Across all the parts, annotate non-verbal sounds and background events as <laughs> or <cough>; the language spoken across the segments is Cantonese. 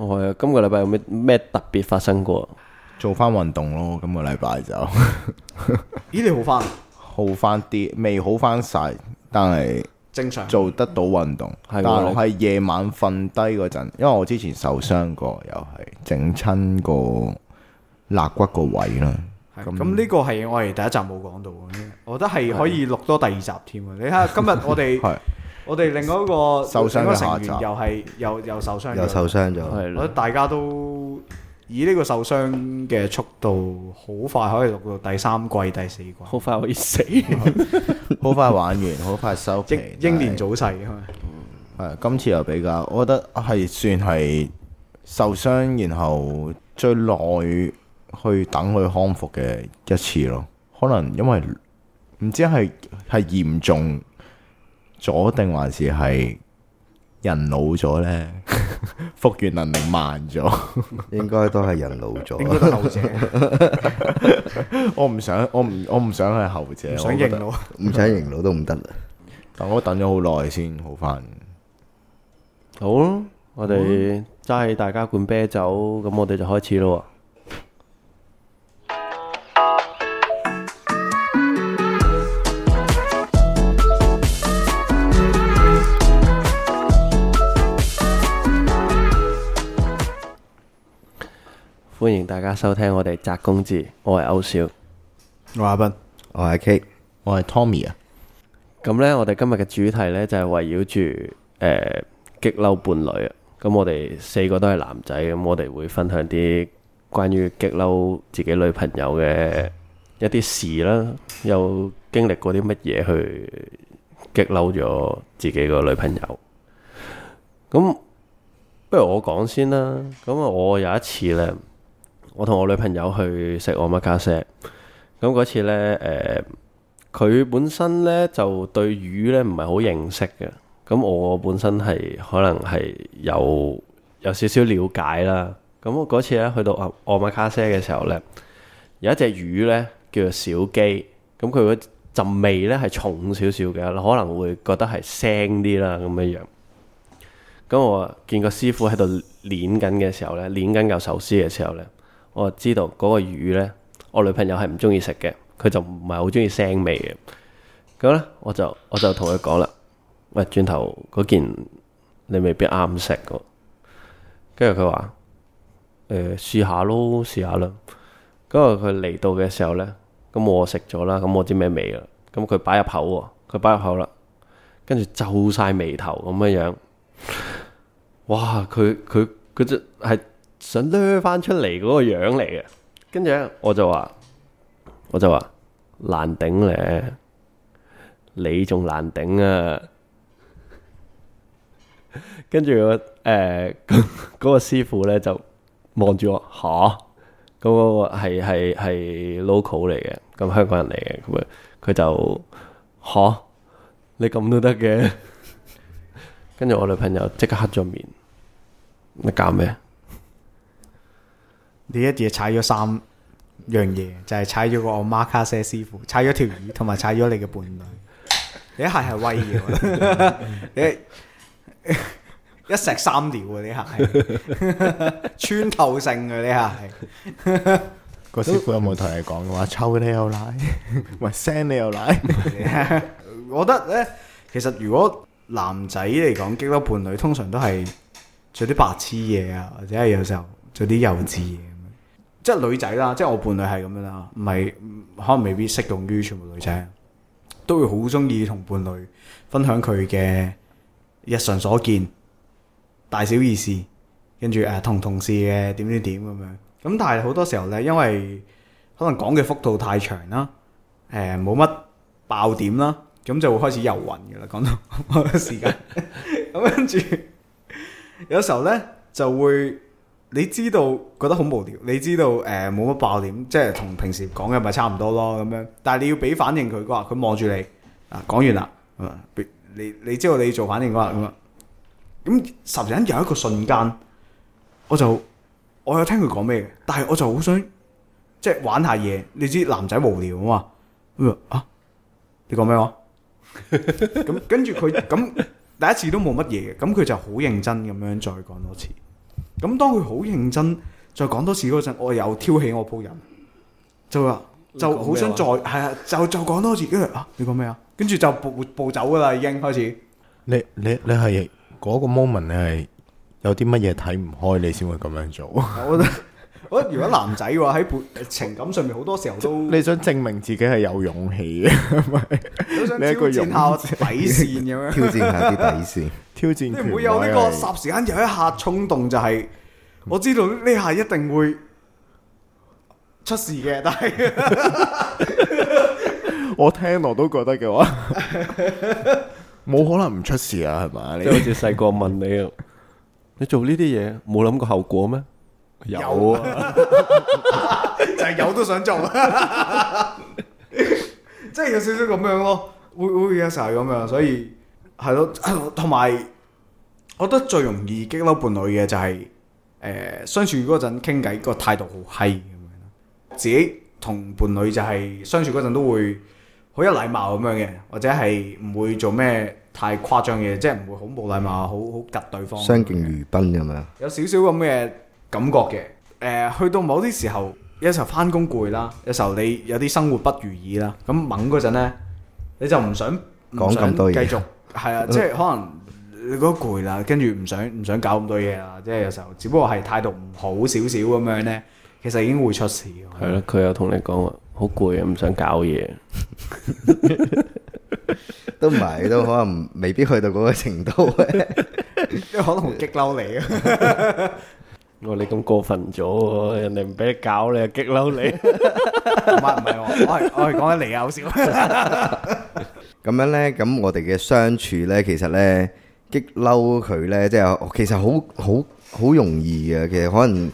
我係啊，今個禮拜有咩咩特別發生過？做翻運動咯，今個禮拜就。咦、 <laughs> 欸？你好翻？好翻啲，未好翻晒，但係正常做得到運動，的但係夜晚瞓低嗰陣，因為我之前受傷過，對又係整親個肋骨位對個位啦。咁呢個係我哋第一集冇講到，對我覺得係可以錄多第二集添。你睇下今日我哋。 <laughs> <laughs> 我哋另外一個成員又係又又受傷，又受傷咗。我覺得大家都以呢個受傷嘅速度，好快可以錄到第三季第四季，好快可以死，好快玩完，好快收皮。英英年早逝啊嘛。係，今次又比較，我覺得係算係受傷，然後最耐去等佢康復嘅一次咯。可能因為唔知係係嚴重。咗定還是係人老咗呢？復原能力慢咗，應該都係人老咗。應該後者，我唔想，我唔我唔想係後者。唔想認老，唔想認老都唔得啦。但我等咗好耐，先好返。好，我哋揸起大家罐啤酒，咁我哋就開始咯。大家收聽我哋宅公子，我係歐少，我係阿斌，我係 K，我係 Tommy 啊。咁呢，我哋今日嘅主題呢，就係圍繞住誒激嬲伴侶啊。咁我哋四個都係男仔，咁我哋會分享啲關於激嬲自己女朋友嘅一啲事啦。又經歷過啲乜嘢去激嬲咗自己個女朋友？咁不如我講先啦。咁啊，我有一次呢。我同我女朋友去食奧馬卡西，咁嗰次呢，誒、呃，佢本身呢就對魚呢唔係好認識嘅，咁我本身係可能係有有少少了解啦。咁我嗰次呢去到奧奧馬卡西嘅時候呢，有一隻魚呢叫做小雞，咁佢嘅陣味呢係重少少嘅，可能會覺得係腥啲啦咁嘅樣。咁我見個師傅喺度捻緊嘅時候呢，捻緊嚿壽司嘅時候呢。我知道嗰個魚呢，我女朋友係唔中意食嘅，佢就唔係好中意腥味嘅。咁呢，我就我就同佢講啦，喂，轉頭嗰件你未必啱食嘅。跟住佢話，誒、呃，試下咯，試下啦。咁啊，佢嚟到嘅時候呢，咁我食咗啦，咁我知咩味啦。咁佢擺入口喎，佢擺入口啦，跟住皺晒眉頭咁嘅樣。哇！佢佢佢就係想攞翻出嚟嗰個樣嚟嘅，跟住咧我就話，我就話難頂咧，你仲難頂啊！跟住我誒，呃、 <laughs> 個師傅咧就望住我，吓，咁我係係係 local 嚟嘅，咁香港人嚟嘅，咁啊，佢就吓，你咁都得嘅？跟住我女朋友即刻黑咗面，你搞咩？你一啲嘢踩咗三樣嘢，就係、是、踩咗個阿媽卡西師傅，踩咗條魚，同埋踩咗你嘅伴侶。你鞋係威嘅，你一石三鳥嘅啲鞋，穿透 <laughs> 性嘅啲鞋。個師傅有冇同你講嘅話抽你又奶，喂 send 你又奶。 <laughs> <laughs> <laughs> 我覺得咧，其實如果男仔嚟講，激嬲伴侶通常都係做啲白痴嘢啊，或者係有時候做啲幼稚嘢。即係女仔啦，即係我伴侶係咁樣啦，唔係，可能未必適用於全部女仔，都會好中意同伴侶分享佢嘅日常所見、大小意事，跟住誒同同事嘅點點點咁樣,怎樣。咁但係好多時候咧，因為可能講嘅幅度太長啦，誒冇乜爆點啦，咁就會開始遊魂㗎喇，講到時間，咁跟住有時候咧就會。你知道覺得好無聊，你知道誒冇乜爆點，即係同平時講嘅咪差唔多咯咁樣。但係你要俾反應佢嘅話，佢望住你啊，講完啦啊，你你知道你做反應嘅話咁啊。咁十零有一個瞬間，我就我有聽佢講咩嘅，但係我就好想即係玩下嘢。你知男仔無聊啊嘛？啊，你講咩話？咁 <laughs> 跟住佢咁第一次都冇乜嘢嘅，咁佢就好認真咁樣再講多次。咁當佢好認真再講多次嗰陣，我又挑起我鋪人，就話就好想再係啊，就就講多次嘅啊，你講咩啊？跟住就暴暴走噶啦，已經開始。你你你係嗰個 moment，你係有啲乜嘢睇唔開，你先會咁樣做？我覺得，我覺得如果男仔嘅話喺情感上面好多時候都你想證明自己係有勇氣嘅，係咪？呢挑戰下底線咁樣， <laughs> 挑戰下啲底線，挑戰。唔會有呢、這個霎是時間有一下衝動、就是，就係我知道呢下一定會出事嘅，但係 <laughs> <laughs> <laughs> 我聽落都覺得嘅話，冇 <laughs> 可能唔出事啊，係咪？你好似細個問你， <laughs> 你做呢啲嘢冇諗過後果咩？有，啊，就係有都想做。 <laughs> 即係有少少咁樣咯，會會有時咁樣，所以係咯，同埋我覺得最容易激嬲伴侶嘅就係、是、誒、呃、相處嗰陣傾偈個態度好閪咁樣，自己同伴侶就係相處嗰陣都會好有禮貌咁樣嘅，或者係唔會做咩太誇張嘅，即係唔會好冇禮貌，好好夾對方。相敬如賓咁樣。有少少咁嘅感覺嘅，誒、呃，去到某啲時候。有時候翻工攰啦，有時候你有啲生活不如意啦，咁猛嗰陣咧，你就唔想講咁多嘢，繼續係啊，即係可能你覺得攰啦，跟住唔想唔想搞咁多嘢啦，即係有時候，只不過係態度唔好少少咁樣咧，其實已經會出事。係咯，佢又同你講話好攰啊，唔想搞嘢，都唔係，都可能未必去到嗰個程度，可能好激嬲你啊。我你咁過分咗，人哋唔俾你搞，你又激嬲你。唔係唔係，我係我係講緊你又好笑。咁樣咧，咁我哋嘅相處咧，其實咧激嬲佢咧，即係其實好好好容易嘅。其實可能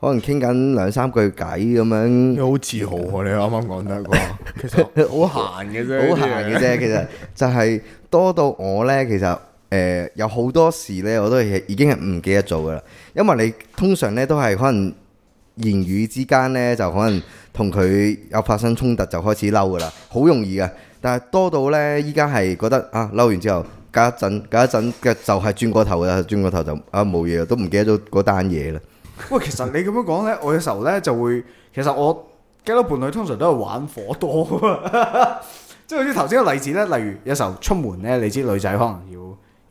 可能傾緊兩三句偈咁樣。你好自豪，你啱啱講得過。其實好閒嘅啫，好閒嘅啫。其實就係多到我咧，其實。誒、呃，有好多時咧，我都係已經係唔記得做噶啦。因為你通常咧都係可能言語之間咧就可能同佢有發生衝突，就開始嬲噶啦，好容易噶。但係多到咧，依家係覺得啊嬲完之後，隔一陣，隔一陣嘅就係轉個頭啦，轉個頭就啊冇嘢都唔記得咗嗰單嘢啦。喂，其實你咁樣講咧， <laughs> 我有時候咧就會，其實我 get 到伴侶通常都係玩火多，即係好似頭先個例子咧，例如有時候出門咧，你知女仔可能要。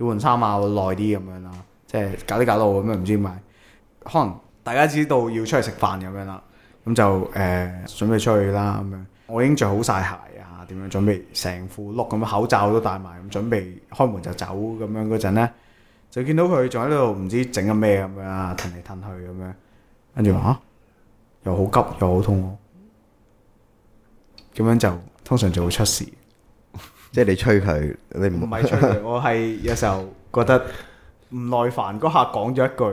換衫啊，會耐啲咁樣啦，即係搞啲搞到咁樣，唔知點解，可能大家知道要出去食飯咁樣啦，咁就誒、呃、準備出去啦咁樣，我已經着好晒鞋啊，點樣準備成副碌咁，口罩都戴埋，準備開門就走咁樣嗰陣咧，就見到佢仲喺度唔知整緊咩咁樣，褪嚟褪去咁樣，跟住話又好急又好痛咯，咁樣就通常就會出事。即係你催佢，你唔係催佢，我係有時候覺得唔耐煩。嗰下講咗一句，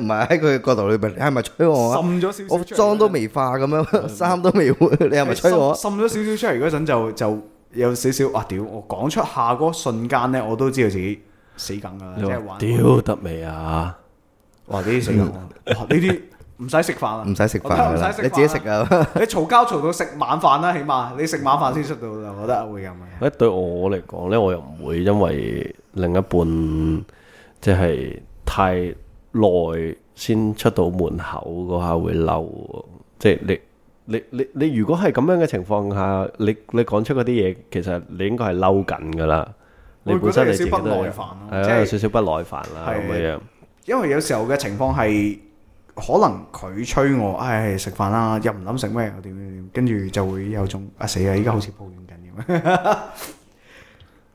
唔係喺佢角度裏邊，你係咪催我啊？滲咗少少出嚟，妝都未化咁樣，衫都未換，你係咪催我？滲咗少少出嚟嗰陣就就有少少，哇！屌，我講出下嗰瞬間咧，我都知道自己死梗㗎喇，即係玩。屌得未啊？哇！呢啲死梗，哇！呢啲。唔使食飯啦，唔使食飯啦，你自己食啊！你嘈交嘈到食晚飯啦，起碼你食晚飯先出到，我覺得會咁樣。咧，對我嚟講呢，我又唔會因為另一半即係太耐先出到門口嗰下會嬲，即係你你你你如果係咁樣嘅情況下，你你講出嗰啲嘢，其實你應該係嬲緊噶啦，你本身你自己都係，即係少少不耐煩啦咁嘅樣。因為有時候嘅情況係。可能佢催我，唉，食飯啦，又唔諗食咩，又點點點，跟住就會有種啊死啊，依家好似抱怨緊咁。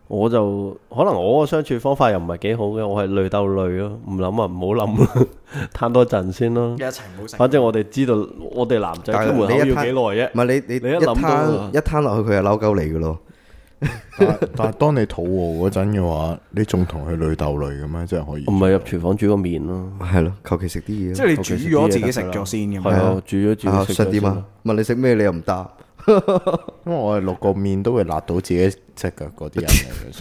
我就可能我個相處方法又唔係幾好嘅，我係累鬥累咯，唔諗啊，唔好諗啦，攤多陣先咯。一齊好反正我哋知道，我哋男仔出門口要幾耐啫。唔係你你你一攤一攤落去，佢就嬲鳩你㗎咯。但但係當你肚餓嗰陣嘅話，你仲同佢女斗女噉樣？即係可以？唔係入廚房煮個麵咯，係咯，求其食啲嘢。即係你煮咗自己食咗先咁。係啊，煮咗煮食食啲嘛？問你食咩？你又唔答，因為我係落個麵都會辣到自己隻腳嗰啲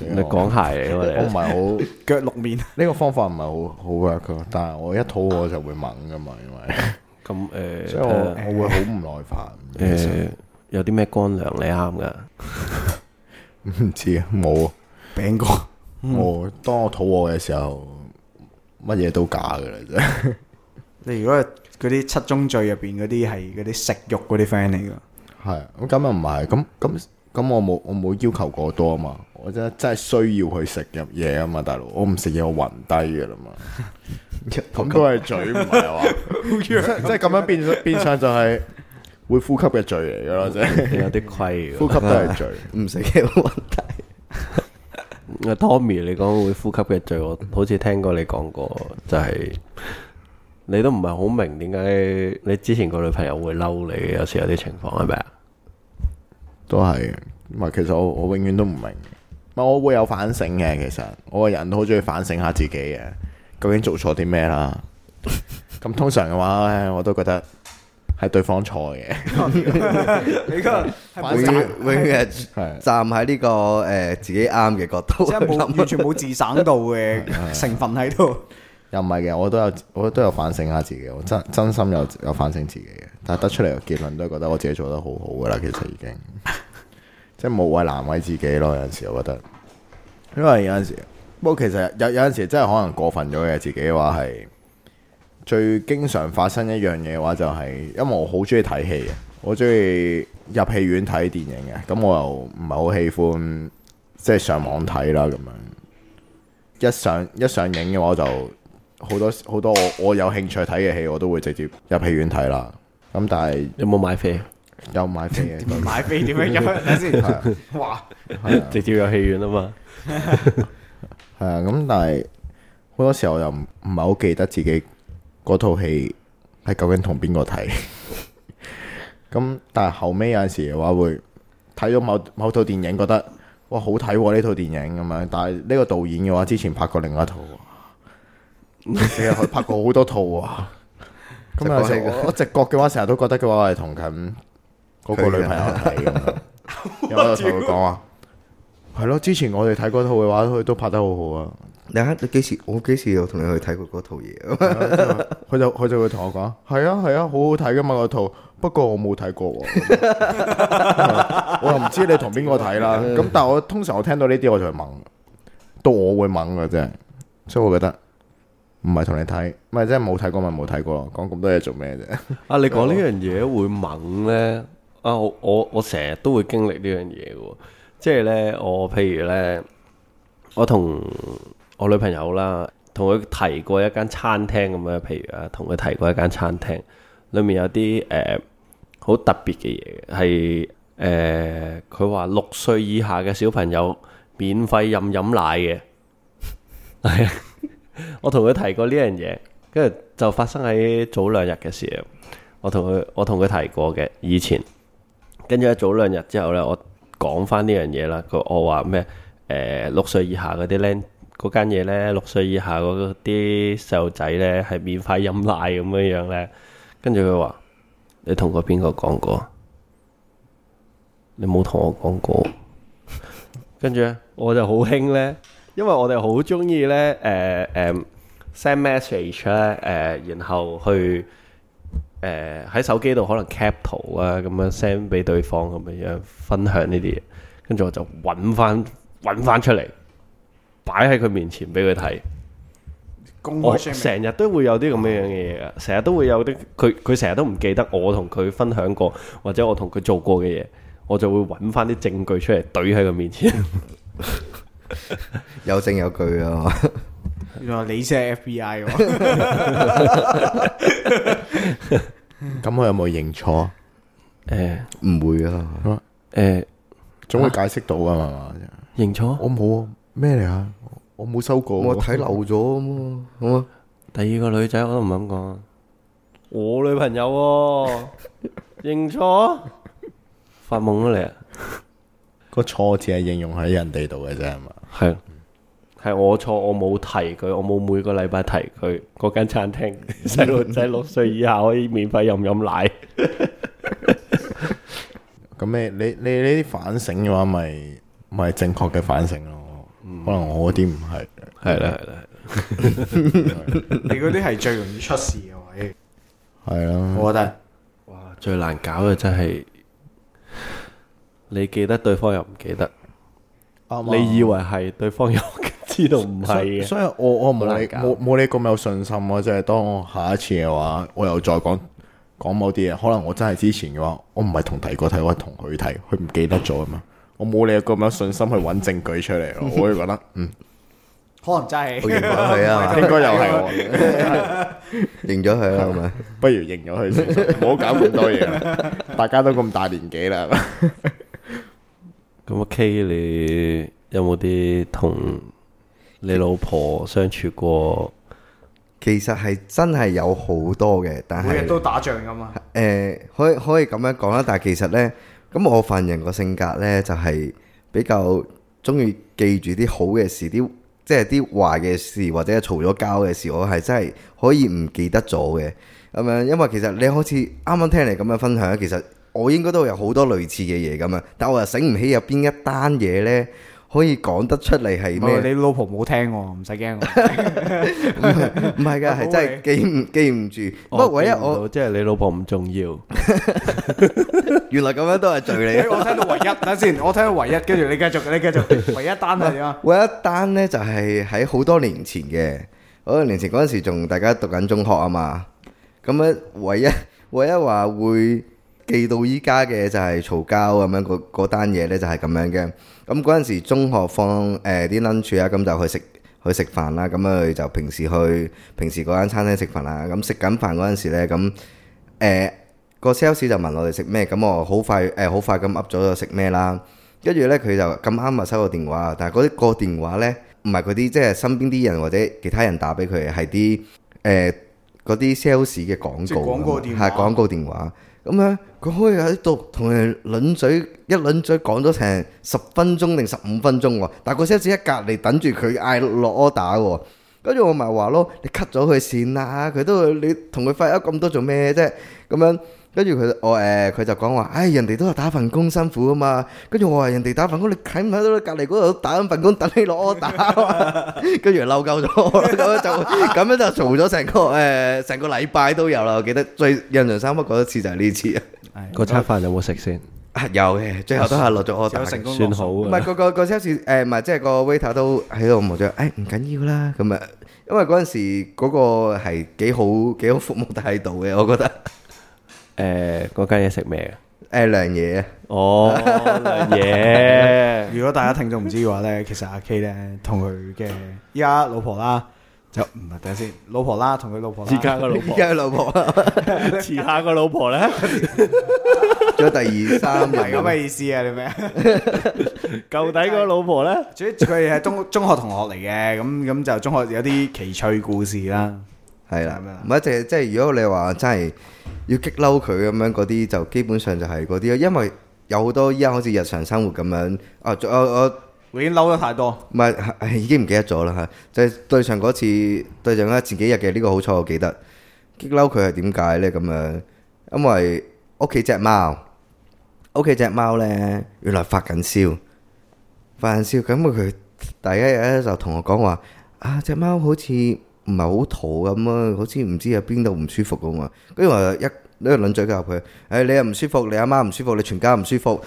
人。你講鞋嘅，我唔係好腳落麵。呢個方法唔係好好 work 嘅，但係我一肚餓就會猛噶嘛。因為咁誒，即係我我會好唔耐煩。誒，有啲咩乾糧你啱噶？唔 <laughs> 知啊。冇啊，餅哥，嗯、我當我肚餓嘅時候，乜嘢都假噶啦，真。你如果係嗰啲七宗罪入邊嗰啲係嗰啲食欲嗰啲 friend 嚟噶？係， <laughs> 咁又唔係，咁咁咁我冇我冇要求過多啊嘛，我真的真係需要去食入嘢啊嘛，大佬，我唔食嘢我暈低噶啦嘛，咁都係嘴唔係話，即係即係咁樣變變相就係、是。會呼吸嘅罪嚟嘅咯，即係 <laughs> 有啲虧，呼吸都係罪，唔食嘅冇問題。Tommy，你講會呼吸嘅罪，我好似聽過你講過，就係、是、你都唔係好明點解你之前個女朋友會嬲你，有時有啲情況係咪啊？都係，唔係其實我我永遠都唔明，唔係我會有反省嘅。其實我個人都好中意反省下自己嘅，究竟做錯啲咩啦？咁 <laughs> 通常嘅話咧，我都覺得。係對方錯嘅 <laughs> 哥，你個係每每日站喺呢個誒自己啱嘅角度，即係冇 <laughs> 完全冇自省到嘅成分喺度。 <laughs> 又唔係嘅，我都有我都有反省下自己，我真真心有有反省自己嘅。但係得出嚟嘅結論都係覺得我自己做得好好㗎啦，其實已經 <laughs> 即係冇謂難為自己咯。有陣時我覺得， <laughs> 因為有陣時，不過其實有有陣時真係可能過分咗嘅自己話係。最經常發生一樣嘢嘅話，就係因為我好鍾意睇戲啊，我鍾意入戲院睇電影嘅。咁我又唔係好喜歡即係上網睇啦。咁樣一上一上映嘅話就，就好多好多我我有興趣睇嘅戲，我都會直接入戲院睇啦。咁但係有冇買飛？有買飛嘅。買飛點樣入先？哇，直接入戲院啊嘛。係 <laughs> 啊，咁但係好多時候又唔唔係好記得自己。嗰套戲係究竟同邊個睇？咁 <laughs> 但係後尾有陣時嘅話會睇到某某套電，套電影，覺得哇好睇呢套電影咁樣。但係呢個導演嘅話，之前拍過另一套，成日去拍過好多套啊。咁有時我直覺嘅話，成日都覺得嘅話係同緊嗰個女朋友睇。咁，有冇同佢講呀，係咯？之前我哋睇嗰套嘅話，佢都拍得好好啊。你睇你幾時？我幾時有同你去睇過嗰套嘢？佢就佢就會同我講：係啊係啊，啊好好睇噶嘛嗰套。不過我冇睇過、 <laughs> 嗯，我又唔知你同邊個睇啦。咁但係我通常我聽到呢啲我就猛，到我會猛噶啫。所以我覺得唔係同你睇，咪即係冇睇過咪冇睇過咯。講咁多嘢做咩啫？啊！你講呢樣嘢會猛咧？ <laughs> 啊！我我我成日都會經歷、就是、呢樣嘢噶，即係咧我譬如咧，我同。我我女朋友啦，同佢提過一間餐廳咁樣，譬如啊，同佢提過一間餐廳，裏面有啲誒好特別嘅嘢嘅，係誒佢話六歲以下嘅小朋友免費飲飲奶嘅， <laughs> 我同佢提過呢樣嘢，跟住就發生喺早兩日嘅時候，我同佢我同佢提過嘅以前，跟住一早兩日之後咧，我講翻呢樣嘢啦。佢我話咩誒六歲以下嗰啲呢。嗰間嘢咧，六歲以下嗰啲細路仔咧，係免費飲奶咁樣樣咧。跟住佢話：你同過邊個講過？你冇同我講過。 <laughs> 跟住咧，我就好興咧，因為我哋好中意咧，誒、呃、誒、呃、send message 咧、呃，誒然後去誒喺、呃、手機度可能 cap 圖啊，咁樣 send 俾對方咁樣樣分享呢啲嘢。跟住我就揾翻揾翻出嚟。擺喺佢面前俾佢睇，我成日都會有啲咁樣嘅嘢啊！成日都會有啲，佢佢成日都唔記得我同佢分享過，或者我同佢做過嘅嘢，我就會揾翻啲證據出嚟懟喺佢面前，有證有據啊！原來你先係 FBI，咁我有冇認錯？誒，唔會㗎喇，誒，總會解釋到噶嘛，認錯我冇。咩嚟啊？我冇收過，我睇漏咗啊嘛。好啊，第二個女仔我都唔敢講。我女朋友認錯，發夢啊你啊！個錯字係應用喺人哋度嘅啫，係嘛？係係我錯，我冇提佢，我冇每個禮拜提佢。嗰間餐廳細路仔六歲以下可以免費飲飲奶。咁你？你你呢啲反省嘅話，咪咪正確嘅反省咯。可能我嗰啲唔係，係啦係啦，你嗰啲係最容易出事嘅位，係啊的，我覺得，哇，最難搞嘅真係你記得對方又唔記得，嘛你以為係對方又知道唔係啊？所以我我冇你冇冇你咁有信心啊！即係當我下一次嘅話，我又再講講某啲嘢，可能我真係之前嘅話，我唔係同提哥睇，我係同佢睇，佢唔記得咗啊嘛。 <laughs> <laughs> 我冇你有咁樣信心去揾證據出嚟，我會覺得，嗯，可能真係，應該又係，認咗佢係咪？不如認咗佢先，唔好搞咁多嘢，大家都咁大年紀啦。咁 K 你有冇啲同你老婆相處過？其實係真係有好多嘅，但係每日都打仗噶嘛。誒，可以可以咁樣講啦，但係其實咧。咁我份人個性格呢，就係比較中意記住啲好嘅事，啲即係啲壞嘅事或者係嘈咗交嘅事，我係真係可以唔記得咗嘅咁樣。因為其實你好似啱啱聽你咁樣分享，其實我應該都有好多類似嘅嘢咁樣，但我又醒唔起有邊一單嘢呢。可以講得出嚟係咩？你老婆冇聽我，唔使驚我，唔係噶，係 <laughs> 真係記唔記唔住。 <laughs> 哦、不過唯一我，即係你老婆唔重要。原來咁樣都係罪你。 <laughs> 我聽到唯一，等先，我聽到唯一，跟住你繼續，你繼續。 <laughs> 唯一單係點啊？唯一單咧就係喺好多年前嘅，好多年前嗰陣時仲大家讀緊中學啊嘛。咁樣唯一，唯一話會。寄到依家嘅就係嘈交咁樣嗰嗰單嘢咧，就係咁樣嘅。咁嗰陣時中學放誒啲 lunch 啊，咁就去食去食飯啦。咁佢就平時去平時嗰間餐廳食飯啦。咁食緊飯嗰陣時咧，咁誒個 sales 就問我哋食咩，咁我好快誒好快咁噏咗就食咩啦。跟住咧，佢就咁啱咪收個電話，但係嗰啲個電話咧唔係嗰啲即係身邊啲人或者其他人打俾佢係啲誒嗰啲 sales 嘅廣告，係廣告電話。咁樣，佢、嗯、可以喺度同人輪嘴，一輪嘴講咗成十分鐘定十五分鐘喎，但個 sales 一隔離等住佢嗌落 order 喎。跟住我咪話咯，你 cut 咗佢線啦，佢都你同佢發咗咁多做咩啫？咁樣跟住佢，我誒佢就講話，唉人哋都係打份工辛苦啊嘛。跟住我話人哋打份工，你睇唔睇到隔籬嗰度打份工等你攞打？跟住鬧夠咗，咁樣就咁樣就嘈咗成個誒成個禮拜都有啦。我記得最印象深刻嗰一次就係呢次啊。個餐飯有冇食先？啊有嘅，最後都係落咗我打，算好。唔係個個個 sales 誒，唔係即係個 waiter 都喺度望住，誒唔緊要啦，咁啊。因為嗰陣時嗰個係幾好幾好服務態度嘅，我覺得。誒、呃，嗰間嘢食咩嘅？誒、呃，涼嘢啊！ <laughs> 哦，涼嘢。 <laughs> 如果大家聽眾唔知嘅話咧，其實阿 K 咧同佢嘅依家老婆啦。就唔係等下先，老婆啦，同佢老婆，依家個老婆，依家個老婆，遲下個老婆咧，咗第二三係咩意思啊？你咩？舊底個老婆咧，主要佢係中中學同學嚟嘅，咁咁就中學有啲奇趣故事啦，係啦，唔係即係即係，如果你話真係要激嬲佢咁樣，嗰啲就基本上就係嗰啲咯，因為有好多依家好似日常生活咁樣，啊，我我。我已經嬲得太多，唔係已經唔記得咗啦吓，就對上嗰次對上啦，前幾日嘅呢個好彩我記得激嬲佢係點解咧咁樣？因為屋企隻貓，屋企隻貓咧原來發緊燒，發緊燒，咁佢第一日咧就同我講話啊，隻貓好似唔係好肚咁啊，好似唔知有邊度唔舒服咁啊，跟住我一呢個輪嘴教佢，誒，你又唔舒服，你阿媽唔舒服，你全家唔舒服。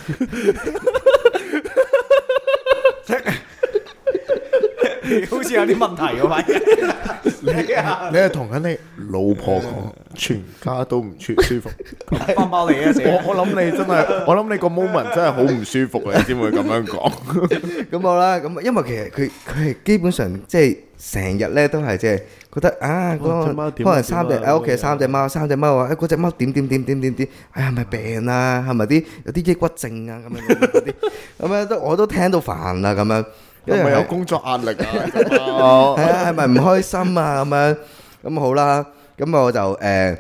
好似有啲問題喎，你你係同緊你老婆講，全家都唔舒服，翻包嚟啊！我我諗你真係，我諗你個 moment 真係好唔舒服啊！你先會咁樣講？咁好啦，咁因為其實佢佢係基本上即係成日咧都係即係。覺得啊，嗰個可能三隻喺屋企三隻貓，三隻貓話，誒嗰隻貓點點點點點點，係咪病啊？係咪啲有啲抑鬱症啊？咁樣嗰啲咁樣都我都聽到煩啦，咁樣因為有工作壓力啊，係啊，係咪唔開心啊？咁樣咁好啦，咁我就誒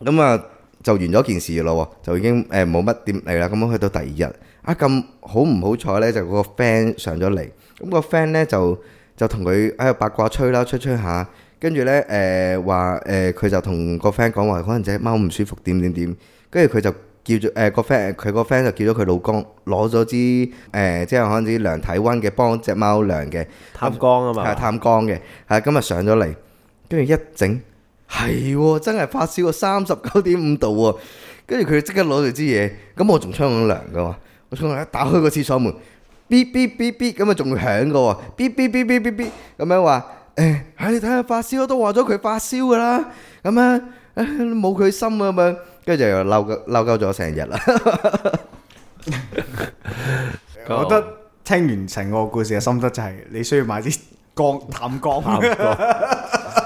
咁啊，就完咗件事咯，就已經誒冇乜點嚟啦。咁樣去到第二日，啊咁好唔好彩咧？就個 friend 上咗嚟，咁個 friend 咧就就同佢喺度八卦吹啦，吹吹下。跟住咧，誒話誒，佢就同個 friend 講話，可能隻貓唔舒服，點點點。跟住佢就叫咗誒個 friend，佢個 friend 就叫咗佢老公攞咗支誒，即係可能啲量體温嘅，幫隻貓量嘅探肛啊嘛，係探肛嘅。係今日上咗嚟，跟住一整係真係發燒到三十九點五度喎。跟住佢即刻攞住支嘢，咁我仲衝緊涼噶嘛，我衝涼一打開個廁所門，咇咇咇咇咁啊，仲會響噶喎，咇咇咇咇咇咇咁樣話。誒，係、哎哎、你睇下發燒，都話咗佢發燒噶啦，咁、哎、啊，冇佢心啊嘛，跟住就又嬲，嬲夠咗成日啦。我覺得聽完成個故事嘅心得就係，你需要買啲光淡光。 <laughs> <laughs> <laughs>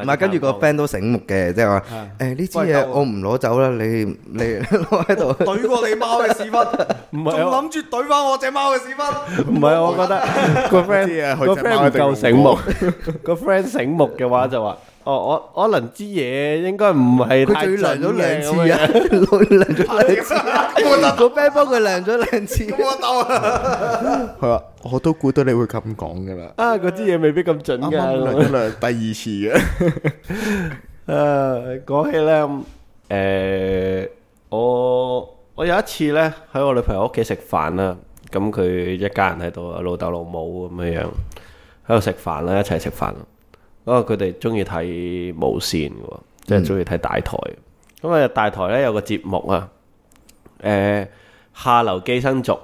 唔係，跟住個 friend 都醒目嘅，即係話誒呢支嘢我唔攞走啦，你你攞喺度。懟過你貓嘅屎忽，仲諗住懟翻我隻貓嘅屎忽？唔係，我覺得個 friend 個 friend 唔夠醒目，個 friend 醒目嘅話就話。哦，我可能支嘢，應該唔係太準。佢仲要量咗兩次啊！ <laughs> 量咗兩次、啊、 <laughs> 次，個 band 幫佢量咗兩次。我都估到你會咁講噶啦。啊，嗰支嘢未必咁準噶。啱啱量，量第二次嘅。誒 <laughs> <laughs> 啊，講起咧，誒、呃，我我有一次咧喺我女朋友屋企食飯啦，咁佢一家人喺度，老豆老母咁樣樣喺度食飯啦，一齊食飯。嗰個佢哋中意睇無線嘅，即係中意睇大台。咁啊，大台咧有個節目啊，誒，下流寄生族、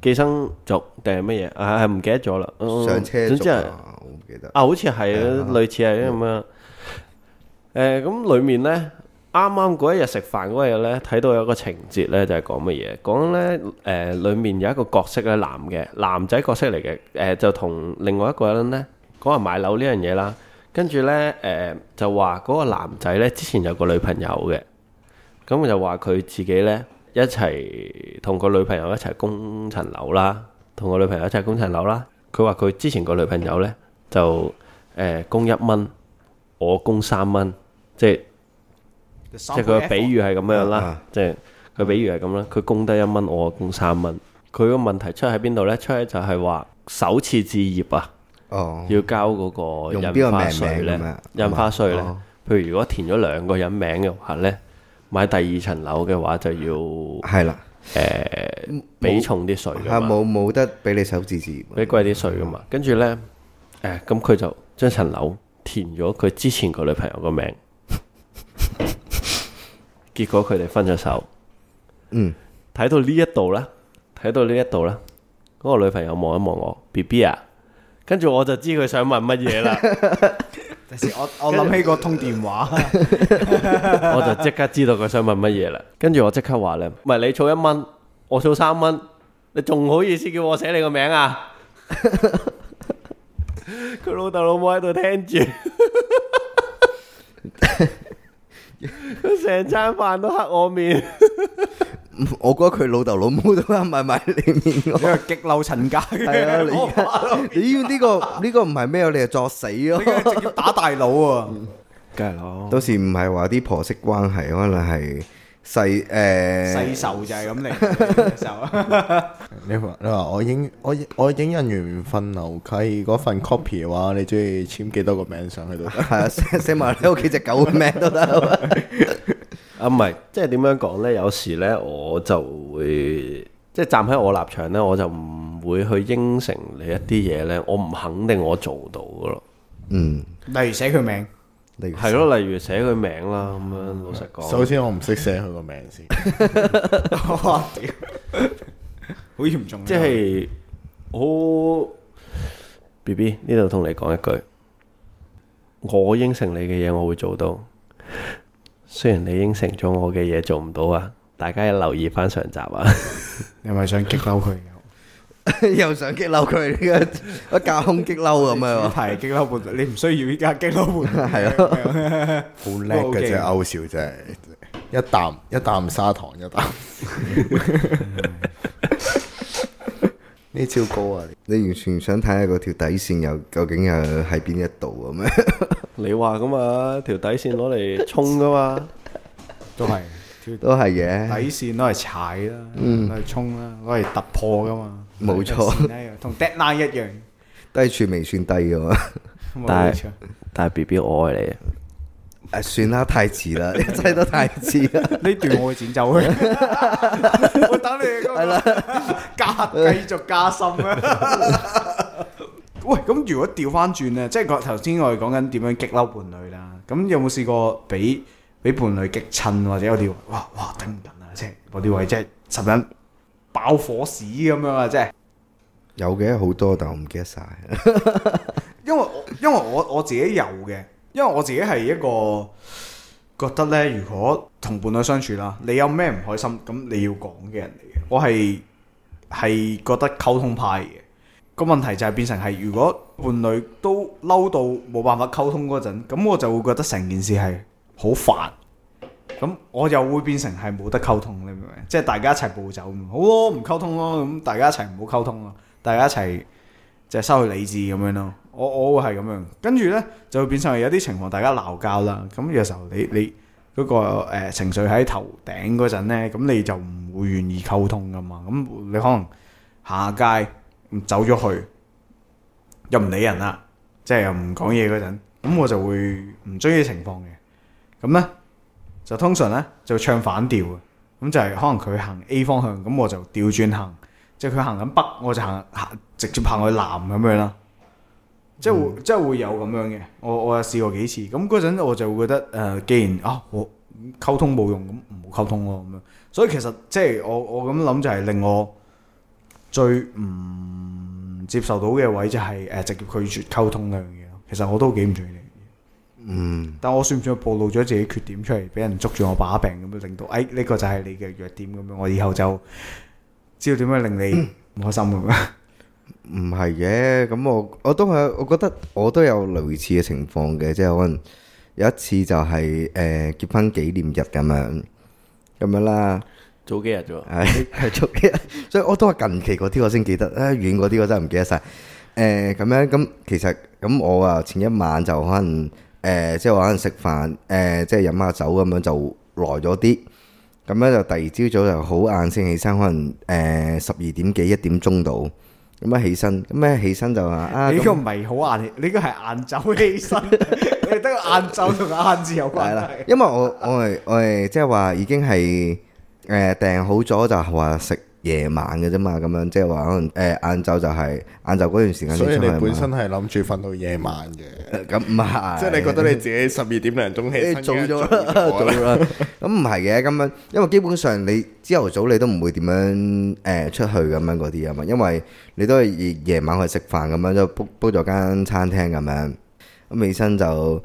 寄生族定係乜嘢？啊，係唔記得咗啦。上車總之係，我唔記得。啊，好似係，類似係咁樣。誒，咁裏面咧，啱啱嗰一日食飯嗰日咧，睇到有一個情節咧，就係講乜嘢？講咧，誒，裏面有一個角色咧，男嘅，男仔角色嚟嘅。誒，就同另外一個人咧，講話買樓呢樣嘢啦。跟住呢，誒、呃，就話嗰個男仔呢，之前有個女朋友嘅，咁佢就話佢自己呢，一齊同個女朋友一齊供層樓啦，同個女朋友一齊供層樓啦。佢話佢之前個女朋友呢，就誒、呃、供一蚊，我供三蚊，即係即係佢嘅比喻係咁樣啦，即係佢比喻係咁啦。佢、嗯、供得一蚊，我供三蚊。佢個問題出喺邊度呢？出喺就係話首次置業啊。要交嗰個印花稅咧，印花稅咧。哦、譬如如果填咗兩個人名嘅話咧，買第二層樓嘅話就要係啦，誒的、呃，俾重啲稅啊，冇冇得俾你手指指，俾貴啲稅噶嘛。跟住咧，誒，咁、哎，佢就將層樓填咗佢之前個女朋友個名，結果佢哋分咗手。嗯，睇到呢一度啦，睇到呢一度啦，嗰個女朋友望一望我，B B 啊。跟住我就知佢想問乜嘢啦。第時我我諗起個通電話， <laughs> 我就即刻知道佢想問乜嘢啦。跟住我即刻話咧，唔係你儲一蚊，我儲三蚊，你仲好意思叫我寫你個名啊？佢 <laughs> <laughs> 老豆老母喺度聽住，佢成餐飯都黑我面。 <laughs> 我覺得佢老豆老母都係埋埋裏面，激嬲陳家嘅。係啊，你要呢個呢個唔係咩？你係作死咯，直接打大佬啊！梗係咯，到時唔係話啲婆媳關係，可能係細誒細仇就係咁嚟。仇，你話你話我影我我影印完份樓契嗰份 copy 嘅話，你中意簽幾多個名上去都得？係啊，寫埋你屋企隻狗嘅名都得。啊，唔係，即係點樣講呢？有時呢，我就會，即係站喺我立場呢，我就唔會去應承你一啲嘢呢。我唔肯定我做到㗎咯。嗯，例如寫佢名，係咯，例如寫佢名啦。咁樣老實講，首先我唔識寫佢個名先。哇！屌，好嚴重。即係好 BB 呢度同你講一句，我應承你嘅嘢，我會做到。雖然你應承咗我嘅嘢做唔到啊，大家要留意翻上集啊。你咪想激嬲佢，又想激嬲佢，一架空激嬲咁樣咯。 <laughs> 係激嬲半。你唔需要依家激嬲半。係咯，好叻嘅啫，歐少真係一啖一啖砂糖一啖。 <laughs> <laughs> 你超高啊！你完全想睇下嗰條底線又究竟又喺邊一度啊？咩？你話噉啊？條底線攞嚟衝噶嘛？都係，都係嘅。底線攞嚟踩啦，攞嚟衝啦，攞嚟突破噶嘛？冇錯，同 deadline 一樣，低處未算低噶嘛？但係但係 B B 我愛你。誒，算啦，太遲啦， <laughs> 一切都太遲啦。呢 <laughs> 段我會剪走佢， <laughs> 我等你。係啦，加繼續加深啦。 <laughs> 喂，咁如果調翻轉咧，即係我頭先我哋講緊點樣激嬲伴侶啦，咁有冇試過俾俾伴侶激親或者我哋話哇哇頂唔頂啊？即係嗰啲位，即係十蚊爆火屎咁樣啊？即係有嘅，好多，但我唔記得晒。 <laughs> 因為因為我我自己有嘅。因為我自己係一個覺得呢，如果同伴侶相處啦，你有咩唔開心，咁你要講嘅人嚟嘅。我係係覺得溝通派嘅。個問題就係變成係，如果伴侶都嬲到冇辦法溝通嗰陣，咁我就會覺得成件事係好煩。咁我又會變成係冇得溝通，你明唔明？即係大家一齊暴走，好咯，唔溝通咯，咁大家一齊唔好溝通咯，大家一齊就失去理智咁樣咯。我我會係咁樣，跟住咧，就會變成有啲情況大家鬧交啦。咁有時候你你嗰、那個誒、呃、情緒喺頭頂嗰陣咧，咁你就唔會願意溝通噶嘛。咁你可能行下街，走咗去又唔理人啦，即係又唔講嘢嗰陣，咁我就會唔中意呢情況嘅。咁咧，就通常咧,就唱反調嘅，咁就係可能佢行 A 方向，咁我就調轉行，即係佢行緊北，我就行行直接行去南咁樣啦。即係會，嗯、即係會有咁樣嘅。我我有試過幾次，咁嗰陣我就會覺得誒、呃，既然啊，我溝通冇用，咁唔好溝通咯、啊、咁樣。所以其實即係我我咁諗就係令我最唔接受到嘅位就係誒直接拒絕溝通呢樣嘢。其實我都幾唔中意呢樣嘢。嗯，但我算唔算暴露咗自己缺點出嚟，俾人捉住我把柄咁樣，令到誒呢、哎這個就係你嘅弱點咁樣，我以後就知道點樣令你唔開心咁樣。嗯 <laughs> 唔係嘅，咁我我都係，我覺得我都有類似嘅情況嘅，即係可能有一次就係、是、誒、呃、結婚紀念日咁樣咁樣啦，早幾日啫，係係早幾日，所以我都係近期嗰啲我先記得，誒遠嗰啲我真係唔記得晒。誒、呃、咁樣咁，其實咁我啊前一晚就可能誒、呃，即係可能食飯，誒、呃、即係飲下酒咁樣就耐咗啲，咁樣就第二朝早上就好晏先起身，可能誒十二點幾一點鐘到。咁啊起身，咁咧起身就話、啊，你應該唔係好晏，啊、你應該係晏晝起身，我哋得個晏晝同個晏字有關係。 <laughs> 因為我我哋，我哋即係話已經係誒訂好咗就話食。夜晚嘅啫、就是呃就是、嘛，咁樣即係話可能誒，晏晝就係晏晝嗰段時間。你本身係諗住瞓到夜晚嘅。咁唔係，即、嗯、係 <laughs> 你覺得你自己十二點零鐘起身做咗做咗，咁唔係嘅咁樣，因為基本上你朝頭早你都唔會點樣誒、呃、出去咁樣嗰啲啊嘛，因為你都係夜晚去食飯咁樣，就煲煲咗間餐廳咁樣，咁起身就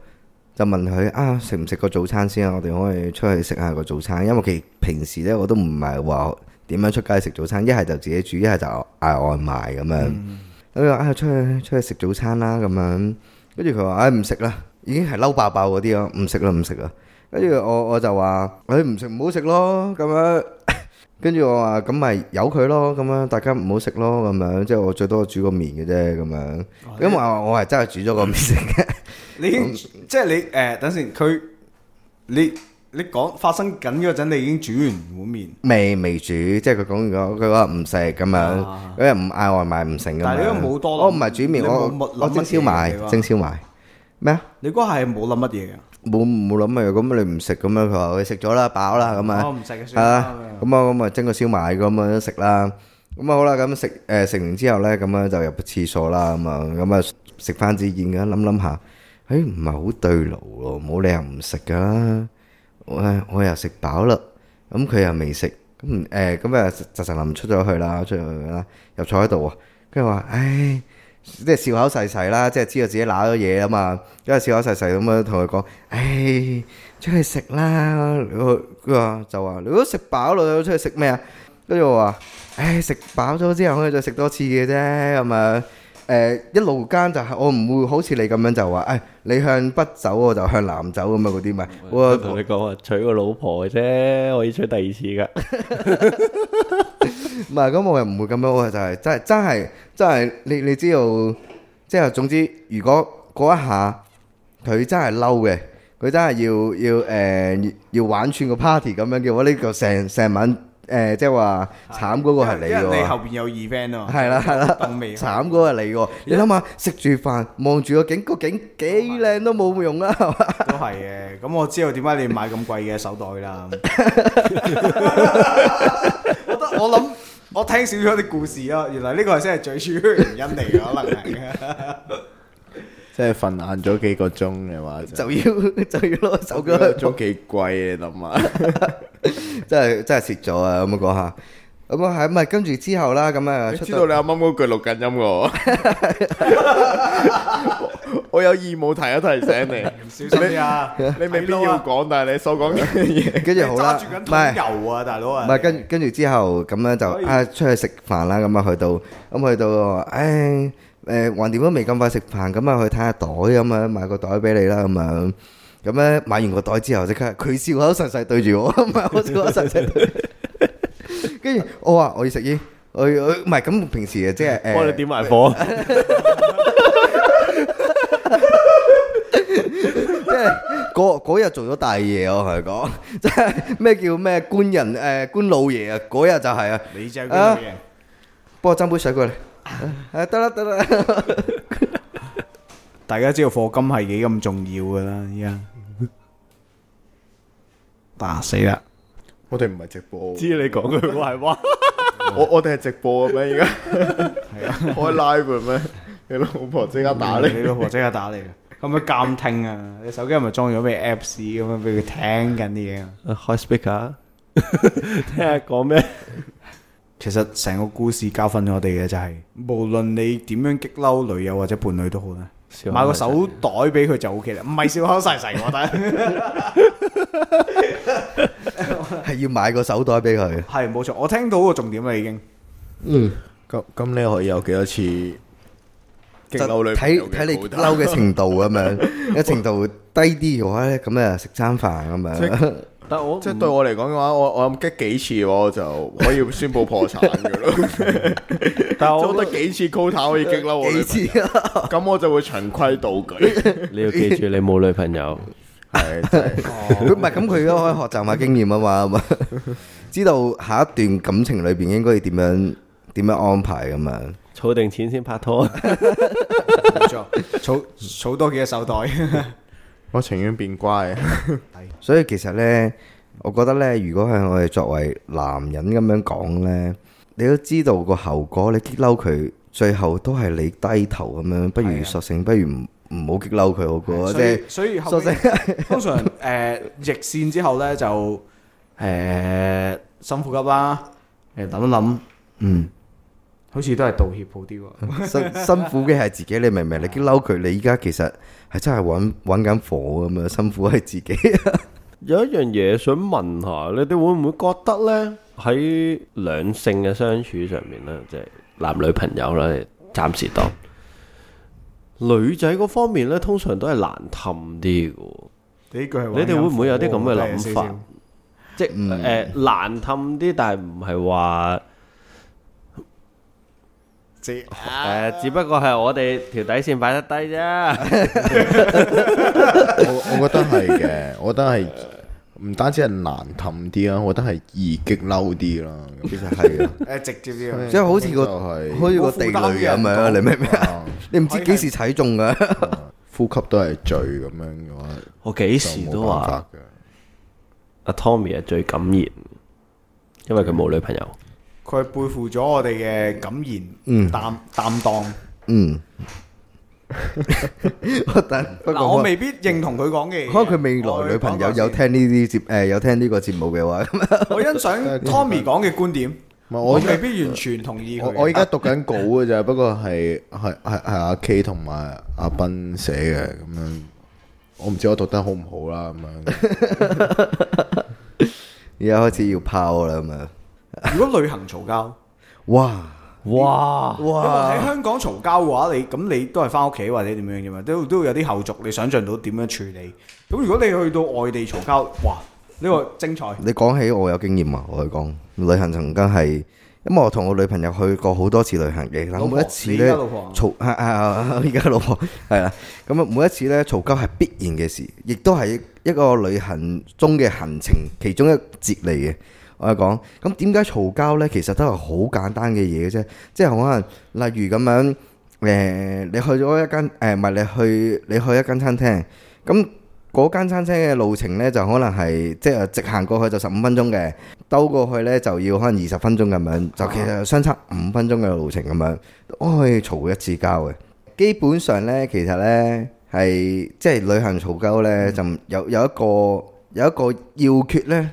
就問佢啊食唔食個早餐先啊，我哋可以出去食下個早餐，因為其平時咧我都唔係話。點樣出街食早餐？一係就自己煮，一係就嗌外賣咁樣。佢話、嗯：哎，出去出去食早餐啦咁樣。跟住佢話：唉，唔食啦，已經係嬲爆爆嗰啲咯，唔食啦，唔食啦。跟住我我就話：哎，唔食唔好食咯，咁樣。跟住我話：咁咪由佢咯，咁樣，大家唔好食咯，咁樣。即係我最多煮個麵嘅啫，咁樣。因為我我，我係真係煮咗個麵食嘅。你即係你，誒，等先，佢你。你講發生緊嗰陣，你已經煮完碗麵未未煮，即係佢講完咗，佢話唔食咁樣，佢又唔嗌外賣唔食咁樣。但係你都冇多咯，哦唔係煮麵，我我蒸燒賣，蒸燒賣咩啊？你嗰係冇諗乜嘢嘅？冇冇諗乜嘢，咁咪你唔食咁樣？佢話你食咗啦飽啦咁啊，我唔食嘅算啦。係啦，咁啊咁啊蒸個燒賣咁樣食啦，咁啊好啦，咁食誒食完之後咧，咁樣就入個廁所啦，咁啊咁啊食翻支煙咁諗諗下，誒唔係好對路咯，冇理由唔食噶。 <music> 我又食飽啦，咁佢又未食，咁誒咁啊，就成林出咗去啦，出去啦，又坐喺度啊，跟住、哎、話，唉，即係笑口噬噬啦，即係知道自己攞咗嘢啊嘛，跟住笑口噬噬咁樣，同佢講，唉，出去食啦，佢佢話就話，如果食飽咯，出去食咩啊？跟住我話，唉、哎，食飽咗之後可以再食多次嘅啫，咁啊。誒、uh, 一路間就係我唔會好似你咁樣就話，誒、哎、你向北走我就向南走咁啊，嗰啲咪，喂我同你講啊，娶個老婆啫，可以娶第二次噶，唔係咁我又唔會咁樣，我、就、係、是、真係真係真係，你你知道，即係總之，如果嗰一下佢真係嬲嘅，佢真係要要誒要、呃、要玩串個 party 咁樣嘅話，呢個成成晚。誒，即係話慘嗰個係你喎，因為你後邊有 event 喎，係啦係啦，慘嗰個係你喎，你諗下食住飯望住個景，個景幾靚都冇用啊，都係是嘅。咁 <laughs> 我知道點解你要買咁貴嘅手袋啦。 <laughs> <laughs> 我得我諗我聽少咗啲故事啊，原來呢個係真係最主要原因嚟嘅，可能係。即係瞓晏咗幾個鐘嘅話，就要就要攞手機。咗幾貴啊諗下，真係真係蝕咗啊！咁啊講下，咁啊係咪跟住之後啦？咁啊，知道你阿媽嗰句錄緊音喎。我有義務提一提醒你。小心啊，你未必要講，但係你所講嘅嘢，跟住好啦。唔係，唔係跟跟住之後咁樣就啊出去食飯啦。咁啊去到咁去到唉。誒，橫掂，都未咁快食飯。咁啊去睇下袋，咁啊，買個袋俾你啦，咁樣咁咧，買完個袋之後，即刻佢笑口實實對住我，咁啊我笑口實實對。跟住我話我要食煙，我我唔係咁平時即係誒，幫你點埋火。即係嗰嗰日做咗大嘢，我同佢講，即係咩叫咩官人誒官老爺啊？嗰日就係啊，你就官人，幫我斟杯水過嚟。誒，得啦得啦，大家知道課金係幾咁重要噶啦，而家，打死啦！我哋唔係直播，知你講句壞話，我我哋係直播啊咩？而家係啊，開 live 啊咩？你老婆即刻打你，你老婆即刻打你，咁樣監聽啊？你手機係咪裝咗咩 apps？c 咁樣俾佢聽緊啲嘢啊？開 speaker，聽下講咩？其實成個故事教訓我哋嘅就係，無論你點樣激嬲女友或者伴侶都好咧，買個手袋俾佢就 OK 啦，唔係笑口噬噬，我覺得係要買個手袋俾佢。係冇錯，我聽到個重點啦已經。嗯，咁咁你可以有幾多次激嬲女友？睇睇你嬲嘅程度咁樣，一程度低啲嘅話咧，咁咧食餐飯咁樣。但我即係對我嚟講嘅話，我我諗激幾次我就可以宣布破產嘅啦。 <laughs> 我。但係 <laughs> 我得幾次 quota 可以激啦，我幾次，啊。咁我就會循規蹈矩。你要記住，你冇女朋友係。佢唔係咁，佢而家可以學習下經驗啊嘛， <laughs> 知道下一段感情裏邊應該要點樣點樣安排咁樣。儲定錢先拍拖，冇錯儲儲多幾隻手袋。 <laughs> 我情願變乖， <laughs> 所以其實呢，我覺得呢，如果係我哋作為男人咁樣講呢，你都知道個後果，你激嬲佢，最後都係你低頭咁樣，不如索性不如唔好激嬲佢，我覺得即係索性通常誒、呃、逆線之後呢，就誒深呼吸啦，誒、呃、諗、呃、一諗，嗯，嗯好似都係道歉好啲， <laughs> 辛辛苦嘅係自己，你明唔明？你激嬲佢，你依家其實。係真係揾揾緊火咁樣，辛苦係自己。 <laughs> 有一樣嘢想問下，你哋會唔會覺得呢？喺兩性嘅相處上面呢，即係男女朋友咧，暫時當女仔嗰方面呢，通常都係難氹啲噶。你哋會唔會有啲咁嘅諗法？嗯、即係、呃、難氹啲，但係唔係話。誒、 <music> 啊，只不過係我哋條底線擺得低啫。 <laughs> 我我覺得係嘅，我覺得係唔單止係難氹啲啦，我覺得係易激嬲啲啦，其實係啊， <laughs> <music> 直接啲，即係好似、個係，好似個地雷咁樣，你明唔明啊？ <laughs> <laughs> 你唔知幾時踩中㗎？ <laughs> 呼吸都係罪咁樣嘅話，我幾時都話。阿 Tommy 係最感染，因為佢冇女朋友。佢背負咗我哋嘅感言擔擔當。嗯，嗱，我未必認同佢講嘅。可能佢未來女朋友有聽呢啲節誒，有聽呢個節目嘅話，我欣賞 Tommy 講嘅觀點。我未必完全同意。我我而家讀緊稿嘅咋，不過係係係係阿 K 同埋阿斌寫嘅咁樣。我唔知我讀得好唔好啦咁樣。而家開始要拋啦咁樣。如果旅行嘈交，哇哇哇！喺香港嘈交嘅話，你咁你都係翻屋企或者點樣嘅嘛？都都會有啲後續，你想象到點樣處理？咁如果你去到外地嘈交，哇呢個精彩！你講起我有經驗啊，我講旅行曾經係，因為我同我女朋友去過好多次旅行嘅，但係每一次咧嘈啊啊！依家老婆係啦，咁啊每一次咧嘈交係必然嘅事，亦都係一個旅行中嘅行程其中一節嚟嘅。我哋講，咁點解嘈交咧？其實都係好簡單嘅嘢嘅啫，即係可能，例如咁樣，誒，你去咗一間，誒，唔係你去，你去一間餐廳，咁嗰間餐廳嘅路程咧，就可能係，即係直行過去就十五分鐘嘅，兜過去咧就要可能二十分鐘咁樣，就其實相差五分鐘嘅路程咁樣，都可以嘈一次交嘅。基本上咧，其實咧係即係旅行嘈交咧，就有有一個有一個要訣咧。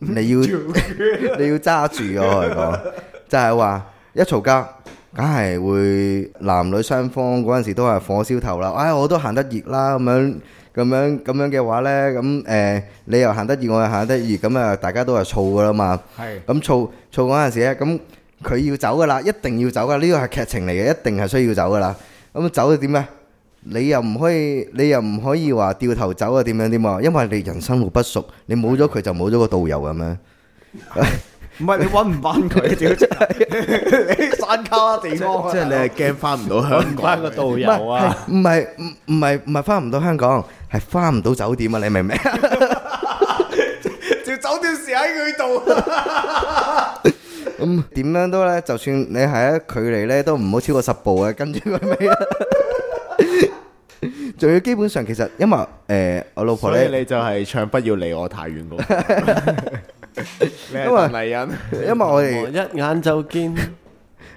你要 <laughs> 你要揸住我嚟講， <laughs> 就係話一嘈交，梗係會男女雙方嗰陣時都係火燒頭啦。唉、哎，我都行得熱啦，咁樣咁樣咁樣嘅話呢？咁誒、呃、你又行得熱，我又行得熱，咁啊大家都係燥噶啦嘛。係是。咁燥燥嗰陣時咧，咁佢要走噶啦，一定要走噶，呢個係劇情嚟嘅，一定係需要走噶啦。咁走點呢？你又唔可以，你又唔可以話掉頭走啊？點樣點啊？因為你人生路不熟，你冇咗佢就冇咗個導遊咁樣。唔係你搵唔翻佢，屌！山旮旯地方，即係你係驚翻唔到香港個導遊啊？唔係唔係唔係翻唔到香港，係翻唔到酒店啊？你明唔明啊？住酒店時喺佢度。咁點樣都咧？就算你係一距離咧，都唔好超過十步啊！跟住佢尾啊！最基本上，其實因為誒我老婆咧，所以你就係唱不要離我太遠嗰個。因為迷人，因為我哋一眼就見。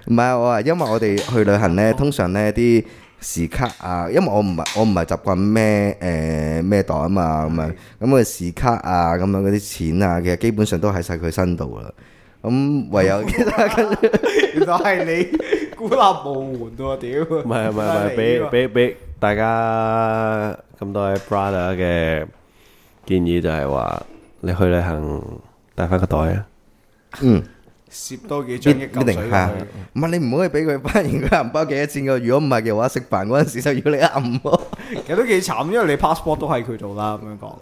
唔係啊，我話因為我哋去旅行咧，通常咧啲時卡啊，因為我唔係我唔係習慣咩誒咩袋啊嘛，咁啊咁啊時卡啊，咁樣嗰啲錢啊，其實基本上都喺曬佢身度啦。咁唯有其實，原來係你孤立無援喎屌！唔係唔係唔係，俾俾俾。大家咁多位 brother 嘅建議就係話，你去旅行帶翻個袋啊，嗯，攝多幾張一定係啊，唔係你唔可以俾佢發現個銀包幾多錢噶，如果唔係嘅話，食飯嗰陣時就要你撳咯，其實都幾慘，因為你 passport 都喺佢度啦，咁樣講，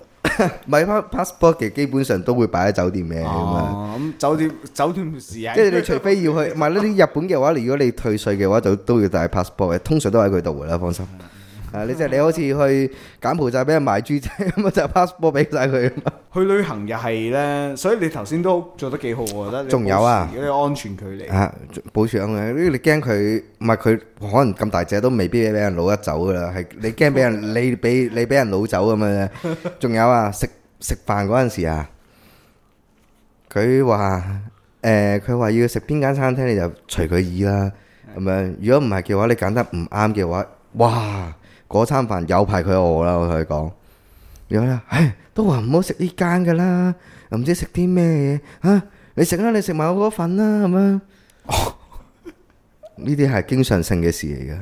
唔係 pass passport 嘅，基本上都會擺喺酒店嘅，哦，咁酒店酒店唔使，即係你除非要去，唔係呢啲日本嘅話，你如果你退稅嘅話，就都要帶 passport 嘅，通常都喺佢度噶啦，放心。啊！你即係你好似去柬埔寨俾人賣豬仔，咁啊就 passport 俾晒佢。去旅行又係咧，所以你頭先都做得幾好啊！我覺得仲有啊，嗰啲安全距離啊，保障嘅。呢你驚佢唔係佢可能咁大隻都未必俾人攞得走噶啦。係你驚俾人你俾你俾人攞走咁樣咧？仲有啊，食食飯嗰陣時啊，佢話誒，佢話要食邊間餐廳你就隨佢意啦。咁樣如果唔係嘅話，你揀得唔啱嘅話，哇！嗰餐飯有排佢餓啦，我同佢講。然後咧，唉，都話唔好食呢間噶啦，又唔知食啲咩嘢。吓，你食啦，你食埋我嗰份啦，咁樣。呢啲係經常性嘅事嚟嘅，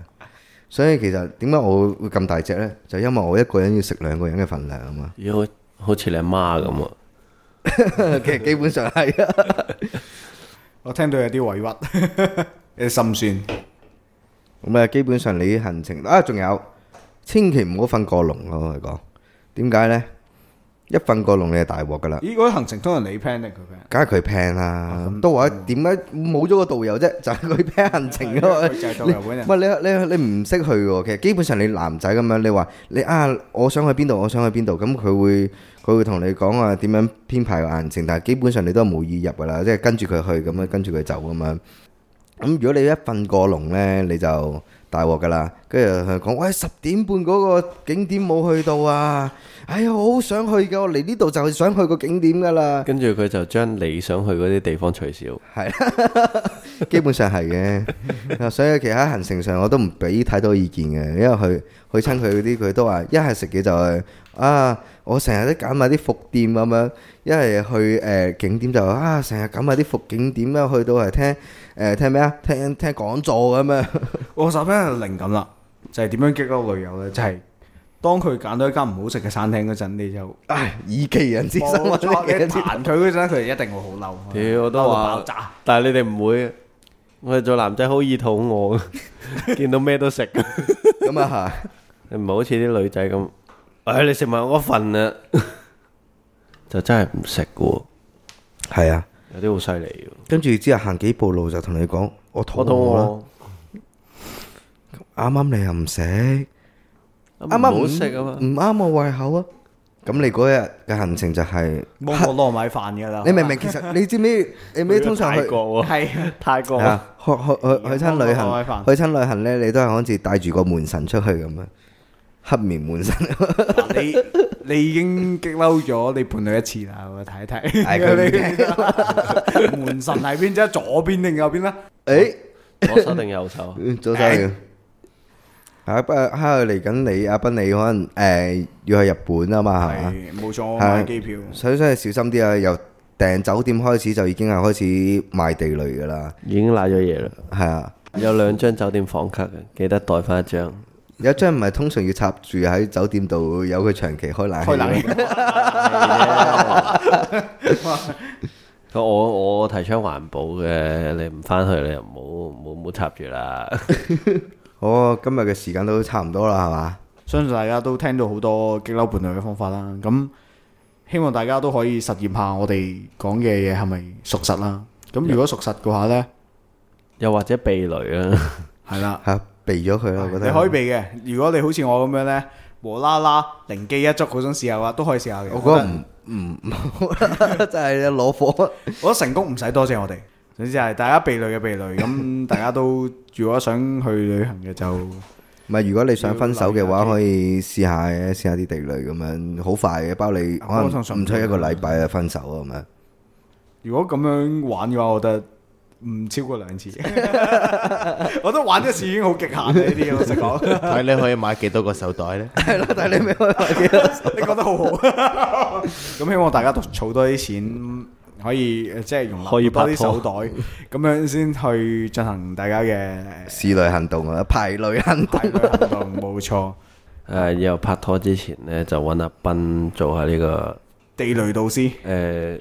所以其實點解我會咁大隻呢？就因為我一個人要食兩個人嘅份量啊嘛。而家好似你阿媽咁啊，其實基本上係啊。我聽到有啲委屈，有啲心酸。咁啊，基本上你行程啊，仲有，千祈唔好瞓過籠咯，我同你講，點解呢？一瞓過籠，你就大鑊噶啦！如果行程都係你 plan 定佢 plan，梗係佢 plan 啦。都話點解冇咗個導遊啫？就係佢 plan 行程囉。就係導遊喎，唔係你你你唔識去嘅，其實基本上你男仔咁樣，你話你啊，我想去邊度，我想去邊度，咁佢會佢會同你講啊，點樣編排個行程。但係基本上你都係冇意入噶啦，即係跟住佢去咁樣，跟住佢走咁樣。咁如果你一瞓過籠呢，你就大鑊噶啦！跟住佢講：喂，十點半嗰個景點冇去到啊！哎呀，好想去噶，我嚟呢度就係想去個景點噶啦。跟住佢就將你想去嗰啲地方取消。係，基本上係嘅。所以其他行程上我都唔俾太多意見嘅，因為去去親佢嗰啲，佢都話：一係食嘢就係啊，我成日都揀埋啲伏店咁樣；一係去誒景點就啊，成日揀埋啲伏景點啦，去到係聽。誒，聽咩啊？聽聽講座咁樣，我十分有靈感啦，就係、是、點樣激到女友咧？就係、是、當佢揀到一間唔好食嘅餐廳嗰陣，你就以其人之心，你彈佢嗰陣，佢一定會好嬲。屌，我都話，爆炸但係你哋唔會，我哋做男仔好易肚餓，見到咩都食，咁啊吓，你唔好似啲女仔咁，誒，你食埋我份啊 <laughs> <laughs> 就真係唔食噶，係啊。有啲好犀利，跟住之後行幾步路就同你講，我肚餓啦。啱啱你又唔食，啱啱唔食啊嘛，唔啱、啊、我胃口啊！咁你嗰日嘅行程就係冇糯米飯噶啦。你明唔明？ <laughs> 其實你知唔知？你知唔通常去係過、 <laughs> 啊、泰國啊，去去去去親旅行，帶我帶我去親旅,旅行咧，你都係好似帶住個門神出去咁樣。黑面門神，你你已經激嬲咗你伴侶一次啦，我睇一睇。門神喺邊，即係左邊定右邊咧？誒，左手定右手？左手。係啊，不過哈，嚟緊你，阿斌你可能誒要去日本啊嘛，係嘛？冇錯，買機票。所以真係小心啲啊！由訂酒店開始就已經係開始賣地雷噶啦，已經瀨咗嘢啦。係啊，有兩張酒店房卡嘅，記得袋翻一張。有一張唔係，通常要插住喺酒店度，有佢長期開冷氣。開冷我我提倡環保嘅，你唔翻去你，你又唔好唔好插住啦。 <laughs> <laughs> 好，今日嘅時間都差唔多啦，係嘛？相信大家都聽到好多激嬲伴侶嘅方法啦。咁希望大家都可以實驗下我哋講嘅嘢，係咪屬實啦。咁如果屬實嘅話呢，又或者避雷啊，係啦。避咗佢啦，我覺得你可以避嘅。如果你好似我咁樣呢，無啦啦，靈機一觸嗰種時候啊，都可以試下嘅。我覺得唔唔，真係攞火。我成功唔使多謝我哋，總之係大家避雷嘅避雷。咁大家都如果想去旅行嘅就，唔係，如果你想分手嘅話，可以試下嘅，試下啲地雷咁樣，好快嘅，包你可能唔出一個禮拜就分手啊，係咪？如果咁樣玩嘅話，我覺得。唔超過兩次，我都玩一次已經好極限呢啲嘅，老實講。睇，你可以買幾多個手袋呢？係啦，但係你咩？你覺得好好？咁希望大家都儲多啲錢，可以即係用可以攞啲手袋，咁樣先去進行大家嘅市內行動、排雷行動。冇錯。誒，以後拍拖之前呢，就揾阿斌做下呢個地雷導師。誒。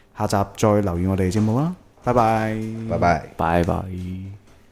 下集再留意我哋節目啦，拜拜，拜拜，拜拜。